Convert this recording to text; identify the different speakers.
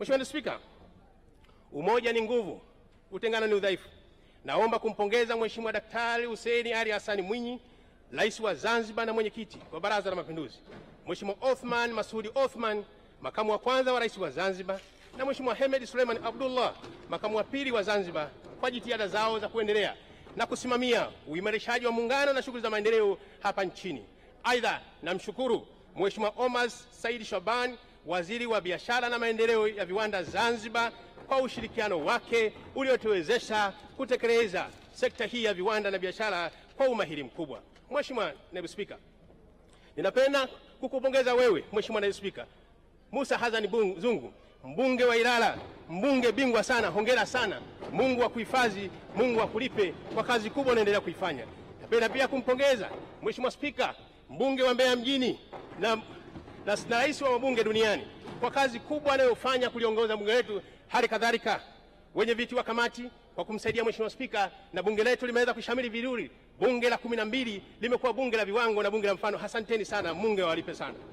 Speaker 1: Mheshimiwa Naibu Spika, umoja ni nguvu, utengano ni udhaifu. Naomba kumpongeza Mheshimiwa Daktari Hussein Ali Hassan Mwinyi, Rais wa Zanzibar na mwenyekiti wa Baraza la Mapinduzi, Mheshimiwa Othman Masudi Othman, makamu wa kwanza wa Rais wa Zanzibar, na Mheshimiwa Hemed Suleiman Abdullah, makamu wa pili wa Zanzibar, kwa jitihada zao za kuendelea na kusimamia uimarishaji wa muungano na shughuli za maendeleo hapa nchini. Aidha, namshukuru Mheshimiwa Omar Said Shaban waziri wa biashara na maendeleo ya viwanda Zanzibar kwa ushirikiano wake uliotuwezesha kutekeleza sekta hii ya viwanda na biashara kwa umahiri mkubwa. Mheshimiwa Naibu Spika, ninapenda kukupongeza wewe Mheshimiwa Naibu Spika Musa Hassan Zungu, mbunge wa Ilala, mbunge bingwa sana, hongera sana. Mungu wa kuhifadhi, Mungu wa kulipe kwa kazi kubwa unaendelea kuifanya. Napenda pia kumpongeza Mheshimiwa Spika, mbunge wa Mbeya mjini na na, na rais wa wabunge duniani kwa kazi kubwa anayofanya kuliongoza bunge letu, hali kadhalika wenye viti wa kamati kwa kumsaidia Mheshimiwa Spika, na bunge letu limeweza kushamili vizuri. Bunge la kumi na mbili limekuwa bunge la viwango na bunge la mfano. Asanteni sana, Mungu awalipe sana.